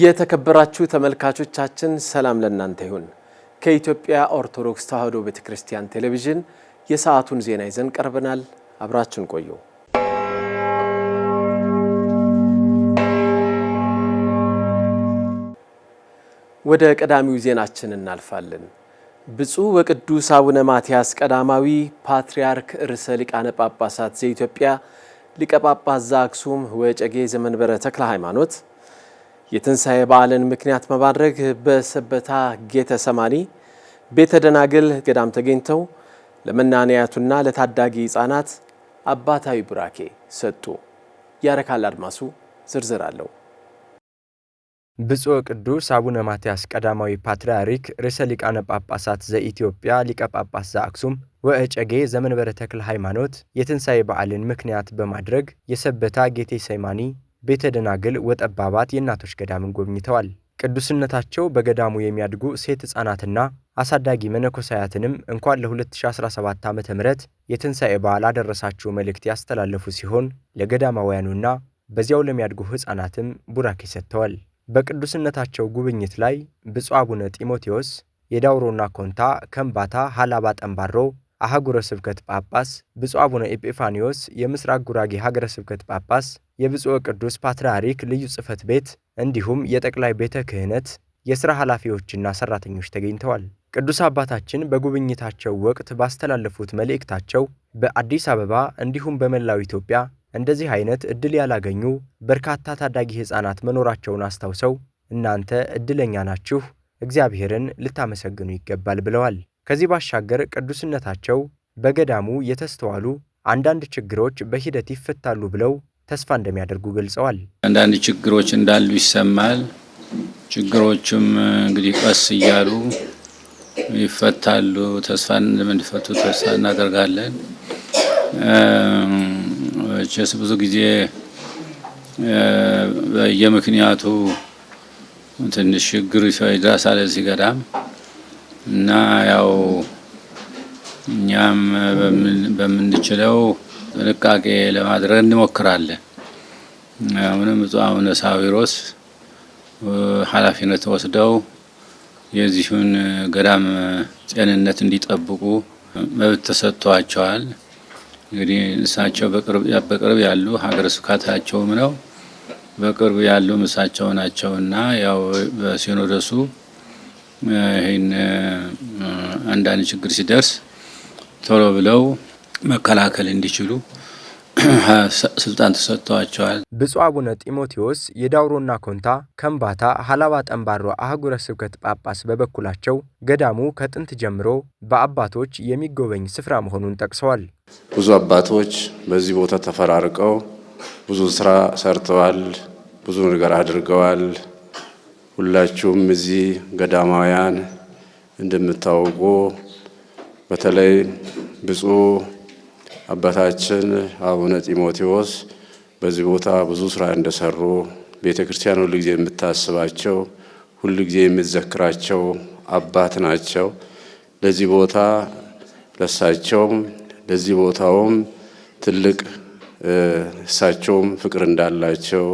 የተከበራችሁ ተመልካቾቻችን ሰላም ለእናንተ ይሁን። ከኢትዮጵያ ኦርቶዶክስ ተዋሕዶ ቤተ ክርስቲያን ቴሌቪዥን የሰዓቱን ዜና ይዘን ቀርበናል። አብራችን ቆዩ። ወደ ቀዳሚው ዜናችን እናልፋለን። ብፁዕ ወቅዱስ አቡነ ማትያስ ቀዳማዊ ፓትርያርክ ርዕሰ ሊቃነ ጳጳሳት ዘኢትዮጵያ ሊቀ ጳጳስ ዘአክሱም ወዕጨጌ ዘመንበረ ተክለ ሃይማኖት የትንሣኤ በዓልን ምክንያት በማድረግ በሰበታ ጌተ ሰማኒ ቤተ ደናግል ገዳም ተገኝተው ለመናንያቱና ለታዳጊ ሕፃናት አባታዊ ቡራኬ ሰጡ። ያረካል አድማሱ ዝርዝር አለው። ብፁዕ ቅዱስ አቡነ ማትያስ ቀዳማዊ ፓትርያርክ ርዕሰ ሊቃነ ጳጳሳት ዘኢትዮጵያ ሊቀ ጳጳስ ዘአክሱም ወእጨጌ ዘመንበረ ተክለ ሃይማኖት የትንሣኤ በዓልን ምክንያት በማድረግ የሰበታ ጌቴ ሰማኒ ቤተ ደናግል ወጠባባት የእናቶች ገዳምን ጎብኝተዋል። ቅዱስነታቸው በገዳሙ የሚያድጉ ሴት ሕፃናትና አሳዳጊ መነኮሳያትንም እንኳን ለ2017 ዓ ም የትንሣኤ በዓል አደረሳችሁ መልእክት ያስተላለፉ ሲሆን ለገዳማውያኑና በዚያው ለሚያድጉ ሕፃናትም ቡራኬ ሰጥተዋል። በቅዱስነታቸው ጉብኝት ላይ ብፁዕ አቡነ ጢሞቴዎስ የዳውሮና ኮንታ ከምባታ ሃላባ ጠንባሮ አህጉረ ስብከት ጳጳስ፣ ብፁዕ አቡነ ኤጲፋኒዎስ የምስራቅ ጉራጌ ሀገረ ስብከት ጳጳስ የብፁዕ ቅዱስ ፓትርያርክ ልዩ ጽሕፈት ቤት እንዲሁም የጠቅላይ ቤተ ክህነት የሥራ ኃላፊዎችና ሠራተኞች ተገኝተዋል። ቅዱስ አባታችን በጉብኝታቸው ወቅት ባስተላለፉት መልእክታቸው በአዲስ አበባ እንዲሁም በመላው ኢትዮጵያ እንደዚህ አይነት ዕድል ያላገኙ በርካታ ታዳጊ ሕፃናት መኖራቸውን አስታውሰው እናንተ ዕድለኛ ናችሁ፣ እግዚአብሔርን ልታመሰግኑ ይገባል ብለዋል። ከዚህ ባሻገር ቅዱስነታቸው በገዳሙ የተስተዋሉ አንዳንድ ችግሮች በሂደት ይፈታሉ ብለው ተስፋ እንደሚያደርጉ ገልጸዋል። አንዳንድ ችግሮች እንዳሉ ይሰማል። ችግሮቹም እንግዲህ ቀስ እያሉ ይፈታሉ። ተስፋ እንደምንፈቱ ተስፋ እናደርጋለን። ቸስ ብዙ ጊዜ በየምክንያቱ ትንሽ ችግር ይደርሳል እዚህ ገዳም እና ያው እኛም በምንችለው ጥንቃቄ ለማድረግ እንሞክራለን። አሁንም ብፁዕ አቡነ ሳዊሮስ ኃላፊነት ወስደው የዚሁን ገዳም ጤንነት እንዲጠብቁ መብት ተሰጥቷቸዋል። እንግዲህ እሳቸው በቅርብ ያሉ ሀገረ ስብከታቸውም ነው በቅርብ ያሉ እሳቸው እና ያው በሲኖደሱ ይህን አንዳንድ ችግር ሲደርስ ቶሎ ብለው መከላከል እንዲችሉ ስልጣን ተሰጥተዋቸዋል። ብፁዕ አቡነ ጢሞቴዎስ የዳውሮና ኮንታ ከምባታ ሀላባ ጠንባሮ አህጉረ ስብከት ጳጳስ በበኩላቸው ገዳሙ ከጥንት ጀምሮ በአባቶች የሚጎበኝ ስፍራ መሆኑን ጠቅሰዋል። ብዙ አባቶች በዚህ ቦታ ተፈራርቀው ብዙ ስራ ሰርተዋል፣ ብዙ ነገር አድርገዋል። ሁላችሁም እዚህ ገዳማውያን እንደምታውቁ በተለይ ብፁዕ አባታችን አቡነ ጢሞቴዎስ በዚህ ቦታ ብዙ ስራ እንደሰሩ ቤተ ክርስቲያን ሁል ጊዜ የምታስባቸው ሁል ጊዜ የምትዘክራቸው አባት ናቸው። ለዚህ ቦታ ለሳቸውም ለዚህ ቦታውም ትልቅ እሳቸውም ፍቅር እንዳላቸው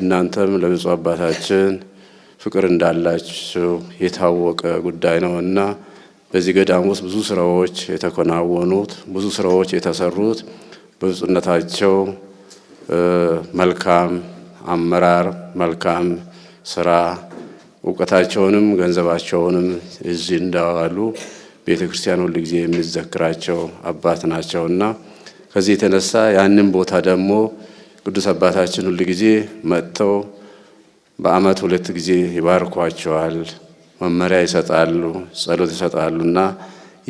እናንተም ለብፁዕ አባታችን ፍቅር እንዳላችሁ የታወቀ ጉዳይ እና በዚህ ገዳም ውስጥ ብዙ ስራዎች የተከናወኑት ብዙ ስራዎች የተሰሩት በብፁዕነታቸው መልካም አመራር፣ መልካም ስራ እውቀታቸውንም ገንዘባቸውንም እዚህ እንዳዋሉ ቤተ ክርስቲያን ሁል ጊዜ የሚዘክራቸው አባት ናቸውና ከዚህ የተነሳ ያንን ቦታ ደግሞ ቅዱስ አባታችን ሁል ጊዜ መጥተው በአመት ሁለት ጊዜ ይባርኳቸዋል። መመሪያ ይሰጣሉ፣ ጸሎት ይሰጣሉ እና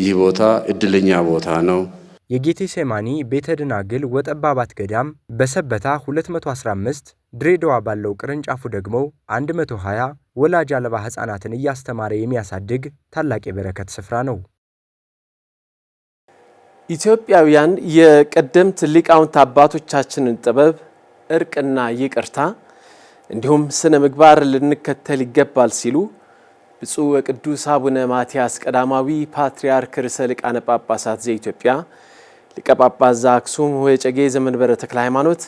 ይህ ቦታ እድለኛ ቦታ ነው። የጌቴ ሴማኒ ቤተ ደናግል ወጠባባት ገዳም በሰበታ 215 ድሬዳዋ ባለው ቅርንጫፉ ደግሞ 120 ወላጅ አልባ ሕፃናትን እያስተማረ የሚያሳድግ ታላቅ የበረከት ስፍራ ነው። ኢትዮጵያውያን የቀደምት ሊቃውንት አባቶቻችንን ጥበብ፣ እርቅና ይቅርታ እንዲሁም ስነ ምግባር ልንከተል ይገባል ሲሉ ብፁዕ ወቅዱስ አቡነ ማትያስ ቀዳማዊ ፓትርያርክ ርዕሰ ሊቃነ ጳጳሳት ዘኢትዮጵያ ሊቀ ጳጳስ ዘአክሱም ወዕጨጌ ዘመንበረ ተክለ ሃይማኖት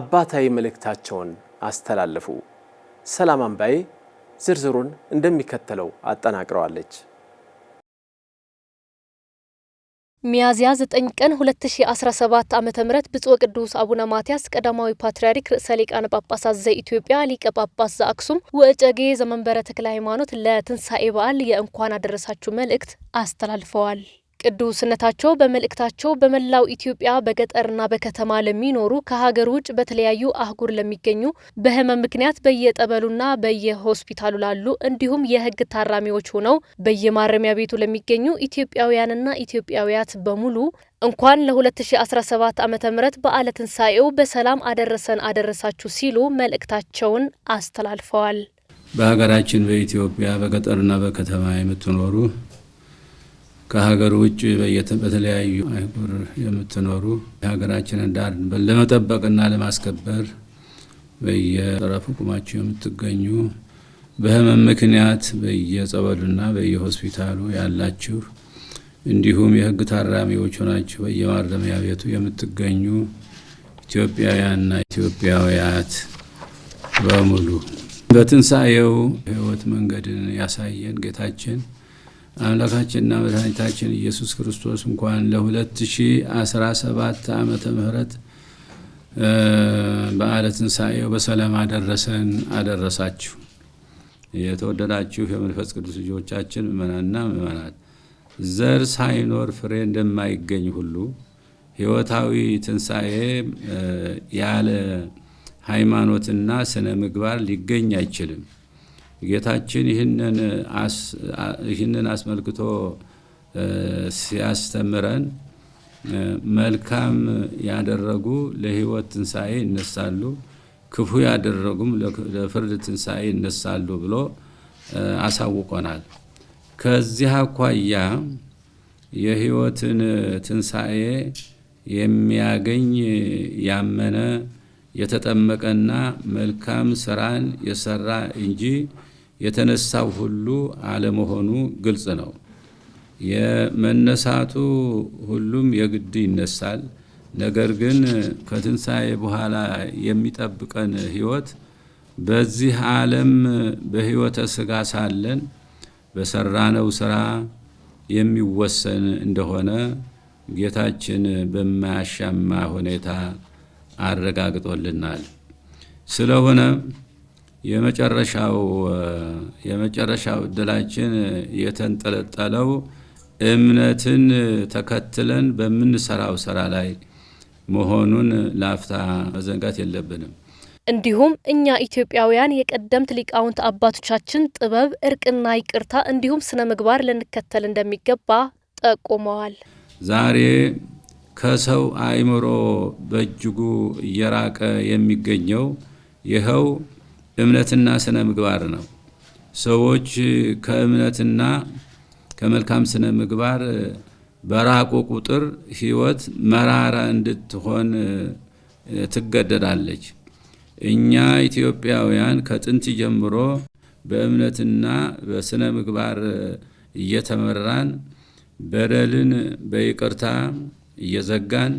አባታዊ መልእክታቸውን አስተላለፉ። ሰላም አምባዬ ዝርዝሩን እንደሚከተለው አጠናቅረዋለች። ሚያዝያ 9 ቀን 2017 ዓ ም ብፁዕ ወቅዱስ አቡነ ማትያስ ቀዳማዊ ፓትርያርክ ርዕሰ ሊቃነ ጳጳሳት ዘኢትዮጵያ ሊቀ ጳጳስ ዘአክሱም ወእጨጌ ዘመንበረ ተክለ ሃይማኖት ለትንሣኤ በዓል የእንኳን አደረሳችሁ መልእክት አስተላልፈዋል። ቅዱስነታቸው በመልእክታቸው በመላው ኢትዮጵያ በገጠርና በከተማ ለሚኖሩ ከሀገር ውጭ በተለያዩ አህጉር ለሚገኙ በህመም ምክንያት በየጠበሉና በየሆስፒታሉ ላሉ እንዲሁም የህግ ታራሚዎች ሆነው በየማረሚያ ቤቱ ለሚገኙ ኢትዮጵያውያንና ኢትዮጵያውያት በሙሉ እንኳን ለ2017 ዓ ም በዓለ ትንሣኤው በሰላም አደረሰን አደረሳችሁ ሲሉ መልእክታቸውን አስተላልፈዋል። በሀገራችን በኢትዮጵያ በገጠርና በከተማ የምትኖሩ ከሀገር ውጭ በተለያዩ አህጉር የምትኖሩ የሀገራችንን ዳር ለመጠበቅና ለማስከበር በየጠረፉ ቁማችሁ የምትገኙ በህመም ምክንያት በየጸበሉና በየሆስፒታሉ ያላችሁ እንዲሁም የህግ ታራሚዎች ሆናችሁ በየማረሚያ ቤቱ የምትገኙ ኢትዮጵያውያንና ኢትዮጵያውያት በሙሉ በትንሣኤው ህይወት መንገድን ያሳየን ጌታችን አምላካችንና መድኃኒታችን ኢየሱስ ክርስቶስ እንኳን ለ2017 ዓመተ ምህረት በዓለ ትንሣኤው በሰላም አደረሰን አደረሳችሁ። የተወደዳችሁ የመንፈስ ቅዱስ ልጆቻችን ምእመናንና ምእመናት፣ ዘር ሳይኖር ፍሬ እንደማይገኝ ሁሉ ሕይወታዊ ትንሣኤ ያለ ሃይማኖትና ስነ ምግባር ሊገኝ አይችልም። ጌታችን ይህንን አስመልክቶ ሲያስተምረን መልካም ያደረጉ ለህይወት ትንሣኤ ይነሳሉ፣ ክፉ ያደረጉም ለፍርድ ትንሣኤ ይነሳሉ ብሎ አሳውቆናል። ከዚህ አኳያ የህይወትን ትንሣኤ የሚያገኝ ያመነ የተጠመቀና መልካም ስራን የሰራ እንጂ የተነሳው ሁሉ አለመሆኑ ግልጽ ነው። የመነሳቱ ሁሉም የግድ ይነሳል። ነገር ግን ከትንሣኤ በኋላ የሚጠብቀን ሕይወት በዚህ ዓለም በሕይወተ ሥጋ ሳለን በሰራነው ሥራ የሚወሰን እንደሆነ ጌታችን በማያሻማ ሁኔታ አረጋግጦልናል። ስለሆነ የመጨረሻው የመጨረሻው እድላችን የተንጠለጠለው እምነትን ተከትለን በምንሰራው ስራ ላይ መሆኑን ላፍታ መዘንጋት የለብንም። እንዲሁም እኛ ኢትዮጵያውያን የቀደምት ሊቃውንት አባቶቻችን ጥበብ፣ እርቅና ይቅርታ እንዲሁም ስነ ምግባር ልንከተል እንደሚገባ ጠቁመዋል። ዛሬ ከሰው አእምሮ በእጅጉ እየራቀ የሚገኘው ይኸው እምነትና ስነ ምግባር ነው። ሰዎች ከእምነትና ከመልካም ስነ ምግባር በራቁ ቁጥር ህይወት መራራ እንድትሆን ትገደዳለች። እኛ ኢትዮጵያውያን ከጥንት ጀምሮ በእምነትና በስነ ምግባር እየተመራን በደልን በይቅርታ እየዘጋን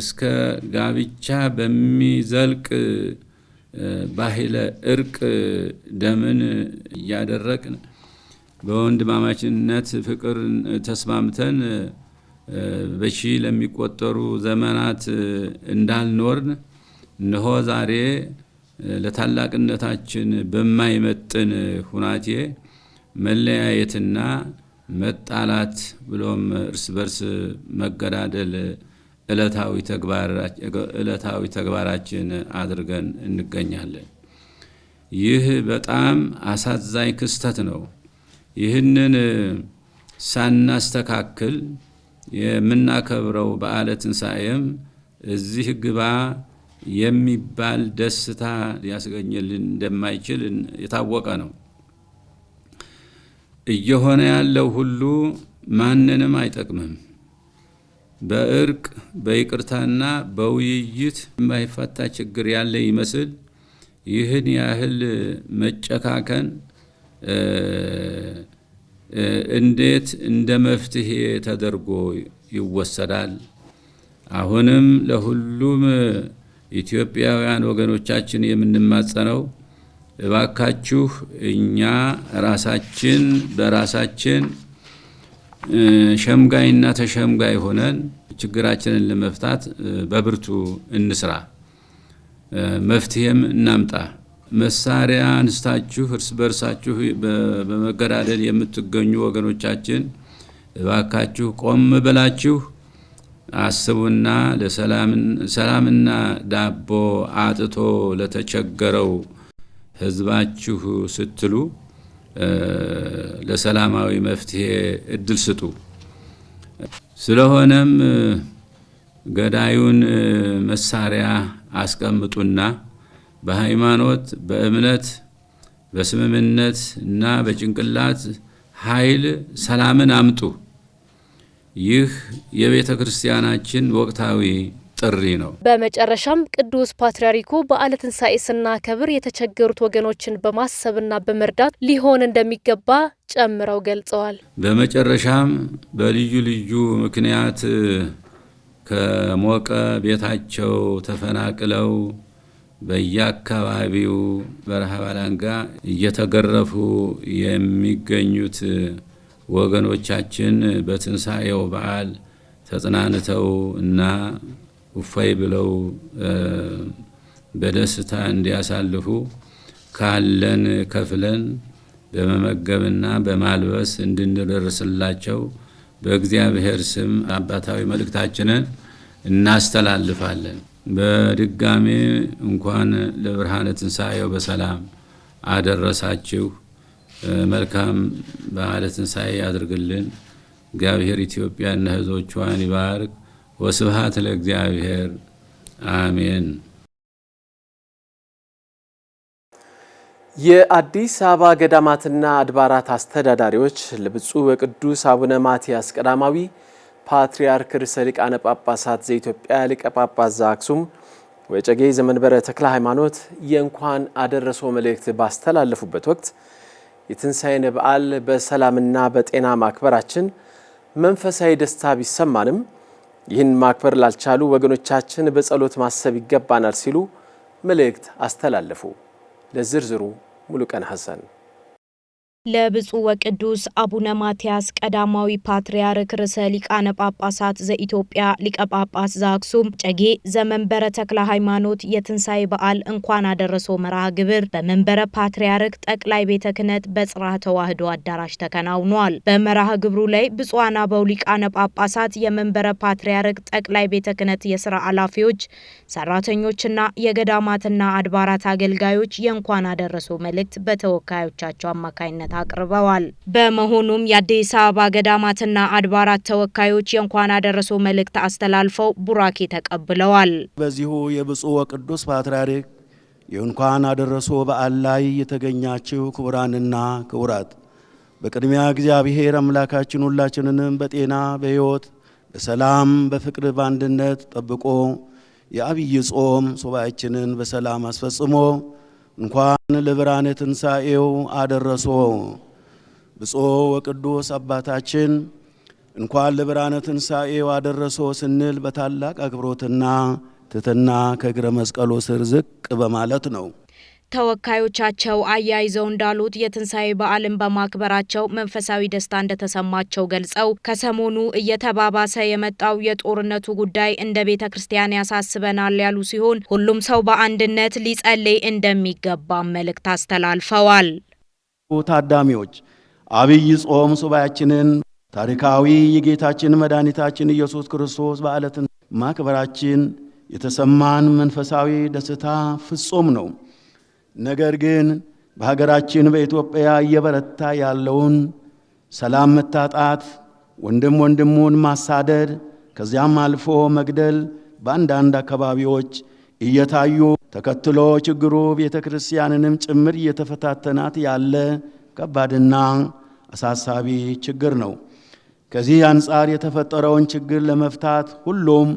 እስከ ጋብቻ በሚዘልቅ ባህለ እርቅ ደምን እያደረቅን በወንድማማችነት ፍቅር ተስማምተን በሺ ለሚቆጠሩ ዘመናት እንዳልኖርን እነሆ ዛሬ ለታላቅነታችን በማይመጥን ሁናቴ መለያየትና መጣላት ብሎም እርስ በርስ መገዳደል ዕለታዊ ተግባራችን አድርገን እንገኛለን። ይህ በጣም አሳዛኝ ክስተት ነው። ይህንን ሳናስተካክል የምናከብረው በዓለ ትንሣኤም እዚህ ግባ የሚባል ደስታ ሊያስገኝልን እንደማይችል የታወቀ ነው። እየሆነ ያለው ሁሉ ማንንም አይጠቅምም። በእርቅ በይቅርታና በውይይት የማይፈታ ችግር ያለ ይመስል ይህን ያህል መጨካከን እንዴት እንደ መፍትሄ ተደርጎ ይወሰዳል? አሁንም ለሁሉም ኢትዮጵያውያን ወገኖቻችን የምንማጸነው እባካችሁ እኛ ራሳችን በራሳችን ሸምጋይና ተሸምጋይ ሆነን ችግራችንን ለመፍታት በብርቱ እንስራ፣ መፍትሄም እናምጣ። መሳሪያ አንስታችሁ እርስ በርሳችሁ በመገዳደል የምትገኙ ወገኖቻችን እባካችሁ ቆም ብላችሁ አስቡና ሰላምና ዳቦ አጥቶ ለተቸገረው ሕዝባችሁ ስትሉ ለሰላማዊ መፍትሄ እድል ስጡ። ስለሆነም ገዳዩን መሳሪያ አስቀምጡና በሃይማኖት፣ በእምነት፣ በስምምነት እና በጭንቅላት ኃይል ሰላምን አምጡ። ይህ የቤተ ክርስቲያናችን ወቅታዊ ጥሪ ነው። በመጨረሻም ቅዱስ ፓትርያርኩ በዓለ ትንሣኤ ስናከብር የተቸገሩት ወገኖችን በማሰብና በመርዳት ሊሆን እንደሚገባ ጨምረው ገልጸዋል። በመጨረሻም በልዩ ልዩ ምክንያት ከሞቀ ቤታቸው ተፈናቅለው በየአካባቢው በረሃብ እየተገረፉ የሚገኙት ወገኖቻችን በትንሣኤው በዓል ተጽናንተው እና እፎይ ብለው በደስታ እንዲያሳልፉ ካለን ከፍለን በመመገብና በማልበስ እንድንደርስላቸው በእግዚአብሔር ስም አባታዊ መልእክታችንን እናስተላልፋለን። በድጋሜ እንኳን ለብርሃነ ትንሣኤው በሰላም አደረሳችሁ። መልካም በዓለ ትንሣኤ ያድርግልን። እግዚአብሔር ኢትዮጵያ ኢትዮጵያና ህዞቿን ይባርክ። ወስብሃት ለእግዚአብሔር አሜን። የአዲስ አበባ ገዳማትና አድባራት አስተዳዳሪዎች ለብፁዕ ወቅዱስ አቡነ ማትያስ ቀዳማዊ ፓትርያርክ ርዕሰ ሊቃነ ጳጳሳት ዘኢትዮጵያ ሊቀ ጳጳስ ዘአክሱም ወዕጨጌ ዘመንበረ ተክለ ሃይማኖት የእንኳን አደረሶ መልእክት ባስተላለፉበት ወቅት የትንሣኤን በዓል በሰላምና በጤና ማክበራችን መንፈሳዊ ደስታ ቢሰማንም ይህን ማክበር ላልቻሉ ወገኖቻችን በጸሎት ማሰብ ይገባናል ሲሉ መልእክት አስተላለፉ። ለዝርዝሩ ሙሉቀን ሐሰን ለብፁዕ ወቅዱስ አቡነ ማትያስ ቀዳማዊ ፓትርያርክ ርዕሰ ሊቃነ ጳጳሳት ዘኢትዮጵያ ሊቀ ጳጳስ ዘአክሱም ጨጌ ዘመንበረ ተክለ ሃይማኖት የትንሣኤ በዓል እንኳን አደረሶ መርሃ ግብር በመንበረ ፓትርያርክ ጠቅላይ ቤተ ክህነት በጽርሐ ተዋሕዶ አዳራሽ ተከናውኗል። በመርሃ ግብሩ ላይ ብፁዓን አበው ሊቃነ ጳጳሳት፣ የመንበረ ፓትርያርክ ጠቅላይ ቤተ ክህነት የሥራ ኃላፊዎች፣ ሠራተኞችና የገዳማትና አድባራት አገልጋዮች የእንኳን አደረሶ መልእክት በተወካዮቻቸው አማካኝነት በድምቀት አቅርበዋል። በመሆኑም የአዲስ አበባ ገዳማትና አድባራት ተወካዮች የእንኳን አደረሶ መልእክት አስተላልፈው ቡራኬ ተቀብለዋል። በዚሁ የብፁዕ ወቅዱስ ፓትርያርክ የእንኳን አደረሶ በዓል ላይ የተገኛችው ክቡራንና ክቡራት በቅድሚያ እግዚአብሔር አምላካችን ሁላችንንም በጤና በሕይወት በሰላም በፍቅር በአንድነት ጠብቆ የአብይ ጾም ሱባኤያችንን በሰላም አስፈጽሞ እንኳን ለብርሃነ ትንሣኤው አደረሶ። ብፁዕ ወቅዱስ አባታችን እንኳን ለብርሃነ ትንሣኤው አደረሶ ስንል በታላቅ አክብሮትና ትሕትና ከእግረ መስቀሉ ስር ዝቅ በማለት ነው። ተወካዮቻቸው አያይዘው እንዳሉት የትንሣኤ በዓልን በማክበራቸው መንፈሳዊ ደስታ እንደተሰማቸው ገልጸው ከሰሞኑ እየተባባሰ የመጣው የጦርነቱ ጉዳይ እንደ ቤተ ክርስቲያን ያሳስበናል ያሉ ሲሆን ሁሉም ሰው በአንድነት ሊጸልይ እንደሚገባ መልእክት አስተላልፈዋል። ታዳሚዎች አብይ ጾም ሱባያችንን ታሪካዊ የጌታችን መድኃኒታችን ኢየሱስ ክርስቶስ በዓለትን ማክበራችን የተሰማን መንፈሳዊ ደስታ ፍጹም ነው። ነገር ግን በሀገራችን በኢትዮጵያ እየበረታ ያለውን ሰላም መታጣት፣ ወንድም ወንድሙን ማሳደድ ከዚያም አልፎ መግደል በአንዳንድ አካባቢዎች እየታዩ ተከትሎ ችግሩ ቤተ ክርስቲያንንም ጭምር እየተፈታተናት ያለ ከባድና አሳሳቢ ችግር ነው። ከዚህ አንጻር የተፈጠረውን ችግር ለመፍታት ሁሉም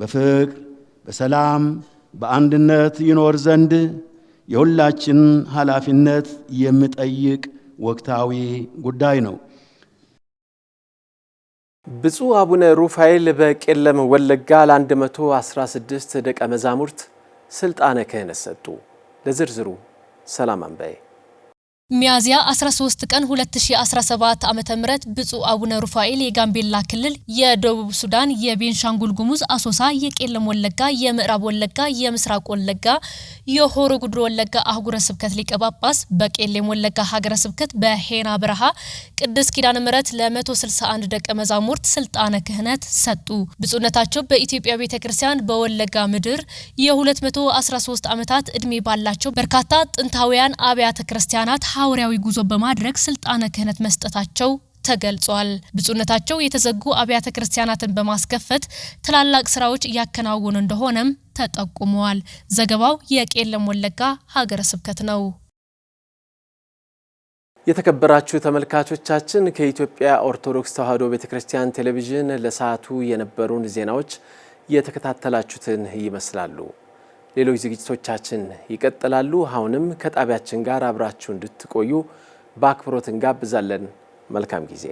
በፍቅር፣ በሰላም፣ በአንድነት ይኖር ዘንድ የሁላችን ኃላፊነት የሚጠይቅ ወቅታዊ ጉዳይ ነው። ብፁዕ አቡነ ሩፋኤል በቄለም ወለጋ ለ116 ደቀ መዛሙርት ስልጣነ ክህነት ሰጡ። ለዝርዝሩ ሰላም አንበዬ ሚያዝያ 13 ቀን 2017 ም ብፁዕ አቡነ ሩፋኤል የጋምቤላ ክልል፣ የደቡብ ሱዳን፣ የቤንሻንጉል ጉሙዝ፣ አሶሳ፣ የቄለም ወለጋ፣ የምዕራብ ወለጋ፣ የምስራቅ ወለጋ፣ የሆሮ ጉድሮ ወለጋ አህጉረ ስብከት ሊቀ ጳጳስ በቄለም ወለጋ ሀገረ ስብከት በሄና በረሃ ቅድስት ኪዳነ ምሕረት ለ161 ደቀ መዛሙርት ስልጣነ ክህነት ሰጡ። ብፁዕነታቸው በኢትዮጵያ ቤተ ክርስቲያን በወለጋ ምድር የ213 ዓመታት ዕድሜ ባላቸው በርካታ ጥንታውያን አብያተ ክርስቲያናት ሐዋርያዊ ጉዞ በማድረግ ስልጣነ ክህነት መስጠታቸው ተገልጿል። ብፁዕነታቸው የተዘጉ አብያተ ክርስቲያናትን በማስከፈት ትላላቅ ስራዎች እያከናወኑ እንደሆነም ተጠቁመዋል። ዘገባው የቄለም ወለጋ ሀገረ ስብከት ነው። የተከበራችሁ ተመልካቾቻችን ከኢትዮጵያ ኦርቶዶክስ ተዋሕዶ ቤተ ክርስቲያን ቴሌቪዥን ለሰዓቱ የነበሩን ዜናዎች የተከታተላችሁትን ይመስላሉ። ሌሎች ዝግጅቶቻችን ይቀጥላሉ። አሁንም ከጣቢያችን ጋር አብራችሁ እንድትቆዩ በአክብሮት እንጋብዛለን። መልካም ጊዜ